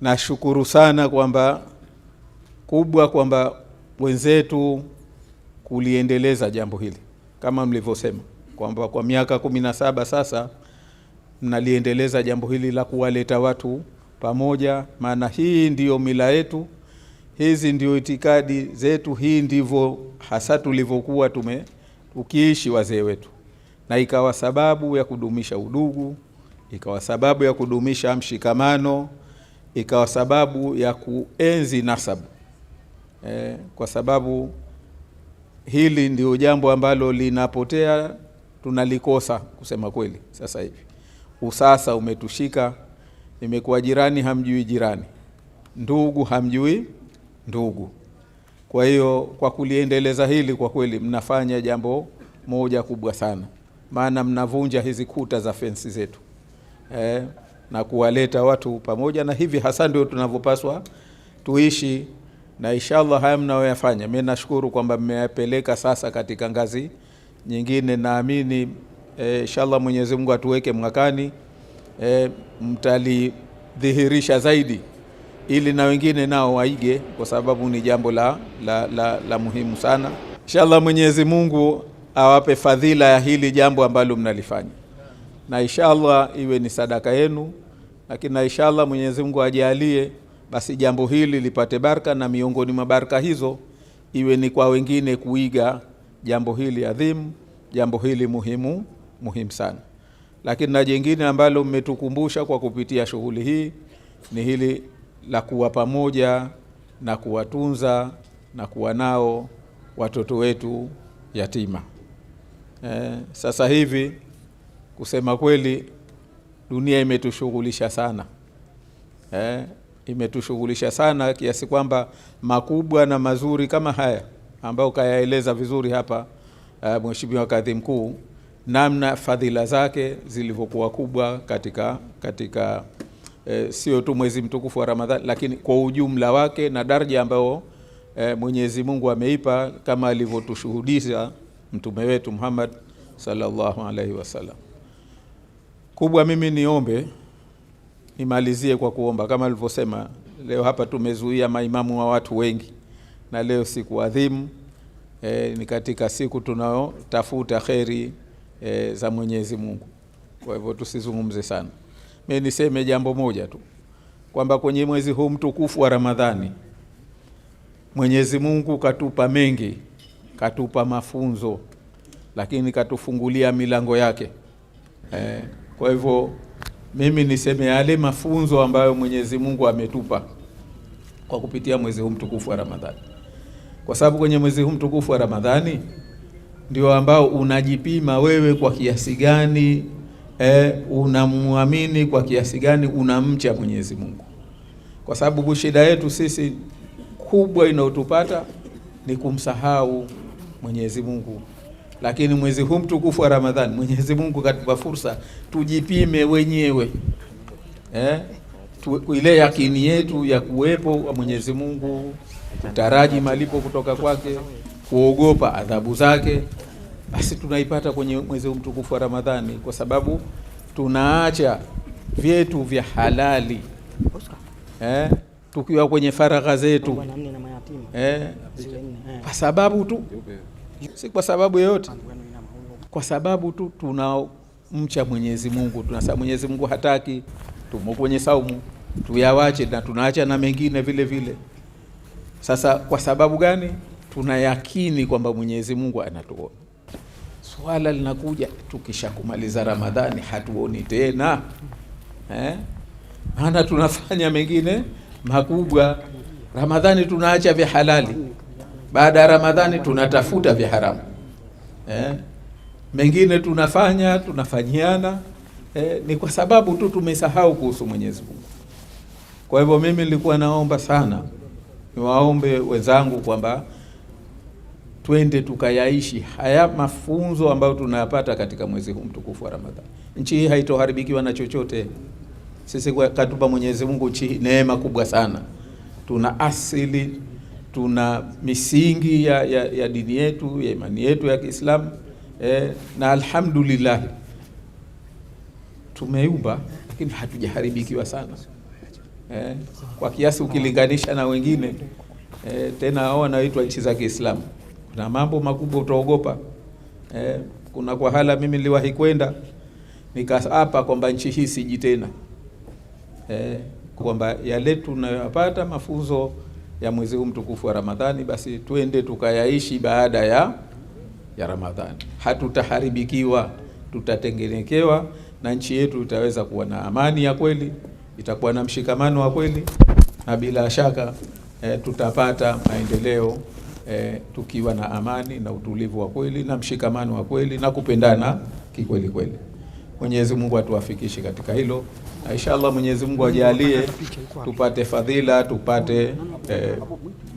nashukuru sana kwamba kubwa kwamba wenzetu kuliendeleza jambo hili kama mlivyosema kwamba kwa miaka kumi na saba sasa mnaliendeleza jambo hili la kuwaleta watu pamoja, maana hii ndiyo mila yetu, hizi ndio itikadi zetu, hii ndivyo hasa tulivyokuwa tume tukiishi wazee wetu, na ikawa sababu ya kudumisha udugu, ikawa sababu ya kudumisha mshikamano ikawa sababu ya kuenzi nasabu eh, kwa sababu hili ndio jambo ambalo linapotea, tunalikosa kusema kweli. Sasa hivi usasa umetushika, imekuwa jirani hamjui jirani, ndugu hamjui ndugu. Kwa hiyo kwa kuliendeleza hili, kwa kweli mnafanya jambo moja kubwa sana, maana mnavunja hizi kuta za fensi zetu eh, na kuwaleta watu pamoja, na hivi hasa ndio tunavyopaswa tuishi, na inshallah haya mnayoyafanya, mimi nashukuru kwamba mmeyapeleka sasa katika ngazi nyingine. Naamini e, inshallah Mwenyezi Mungu atuweke mwakani e, mtalidhihirisha zaidi ili na wengine nao waige, kwa sababu ni jambo la, la, la, la muhimu sana. Inshallah Mwenyezi Mungu awape fadhila ya hili jambo ambalo mnalifanya na inshallah iwe ni sadaka yenu, lakini na inshallah Mwenyezi Mungu ajalie basi jambo hili lipate baraka, na miongoni mwa baraka hizo iwe ni kwa wengine kuiga jambo hili adhimu, jambo hili muhimu muhimu sana. Lakini na jingine ambalo mmetukumbusha kwa kupitia shughuli hii ni hili la kuwa pamoja na kuwatunza na kuwa nao watoto wetu yatima. Eh, sasa hivi Kusema kweli, dunia imetushughulisha sana eh, imetushughulisha sana kiasi kwamba makubwa na mazuri kama haya ambayo kayaeleza vizuri hapa eh, Mheshimiwa Kadhi Mkuu, namna fadhila zake zilivyokuwa kubwa katika katika eh, sio tu mwezi mtukufu wa Ramadhani, lakini kwa ujumla wake na daraja ambayo eh, Mwenyezi Mungu ameipa kama alivyotushuhudisha mtume wetu Muhammad sallallahu alaihi wasallam kubwa mimi niombe nimalizie kwa kuomba kama nilivyosema. Leo hapa tumezuia maimamu wa watu wengi, na leo siku adhimu e, ni katika siku tunayotafuta kheri e, za Mwenyezi Mungu. Kwa hivyo tusizungumze sana, mimi niseme jambo moja tu kwamba kwenye mwezi huu mtukufu wa Ramadhani Mwenyezi Mungu katupa mengi, katupa mafunzo, lakini katufungulia milango yake e. Kwa hivyo mimi niseme yale mafunzo ambayo Mwenyezi Mungu ametupa kwa kupitia mwezi huu mtukufu wa Ramadhani, kwa sababu kwenye mwezi huu mtukufu wa Ramadhani ndio ambao unajipima wewe kwa kiasi gani eh, unamwamini kwa kiasi gani unamcha Mwenyezi Mungu, kwa sababu shida yetu sisi kubwa inayotupata ni kumsahau Mwenyezi Mungu. Lakini mwezi huu mtukufu wa Ramadhani, Mwenyezi Mungu katupa fursa tujipime wenyewe eh? tu, ile yakini yetu ya kuwepo wa Mwenyezi Mungu, kutaraji malipo kutoka kwake, kuogopa adhabu zake, basi tunaipata kwenye mwezi huu mtukufu wa Ramadhani, kwa sababu tunaacha vyetu vya halali eh? tukiwa kwenye faragha zetu eh? kwa sababu tu si kwa sababu yoyote, kwa sababu tu tunamcha Mwenyezi Mungu. Tunasema Mwenyezi Mungu hataki, tumo kwenye saumu, tuyawache na tunaacha na mengine vile vile. Sasa kwa sababu gani? Tunayakini kwamba Mwenyezi Mungu anatuona. Swala linakuja tukishakumaliza Ramadhani, hatuoni tena eh? Maana tunafanya mengine makubwa Ramadhani, tunaacha vya halali. Baada ya Ramadhani tunatafuta vya haramu eh, mengine tunafanya tunafanyiana eh, ni kwa sababu tu tumesahau kuhusu Mwenyezi Mungu. Kwa hivyo mimi nilikuwa naomba sana, niwaombe wenzangu kwamba twende tukayaishi haya mafunzo ambayo tunayapata katika mwezi huu mtukufu wa Ramadhani. Nchi hii haitoharibikiwa na chochote. Sisi katupa Mwenyezi Mungu nchi neema kubwa sana, tuna asili tuna misingi ya, ya, ya dini yetu ya imani yetu ya Kiislamu eh, na alhamdulillah tumeumba, lakini hatujaharibikiwa sana eh, kwa kiasi ukilinganisha na wengine eh, tena hao wanaoitwa nchi za Kiislamu kuna mambo makubwa utaogopa eh, kuna kwa hala, mimi niliwahi kwenda nikaapa kwamba nchi hii siji tena eh, kwamba yale tunayopata mafunzo ya mwezi huu mtukufu wa Ramadhani, basi twende tukayaishi baada ya ya Ramadhani. Hatutaharibikiwa, tutatengenekewa na nchi yetu itaweza kuwa na amani ya kweli, itakuwa na mshikamano wa kweli, na bila shaka e, tutapata maendeleo e, tukiwa na amani na utulivu wa kweli na mshikamano wa kweli na kupendana kikweli kweli. Mwenyezi Mungu atuwafikishe katika hilo, na inshallah Mwenyezi Mungu ajalie tupate fadhila, tupate eh,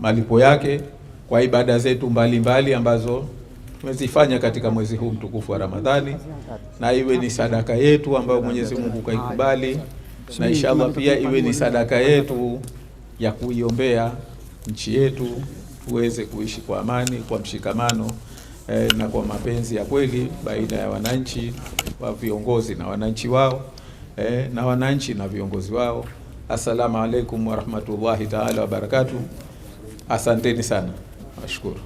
malipo yake kwa ibada zetu mbalimbali mbali ambazo tumezifanya katika mwezi huu mtukufu wa Ramadhani, na iwe ni sadaka yetu ambayo Mwenyezi Mungu kaikubali, na inshallah pia iwe ni sadaka yetu ya kuiombea nchi yetu tuweze kuishi kwa amani, kwa mshikamano eh, na kwa mapenzi ya kweli baina ya wananchi wa viongozi na wananchi wao eh, na wananchi na viongozi wao. Assalamu alaikum warahmatullahi taala wabarakatuh. Asanteni sana, nashukuru.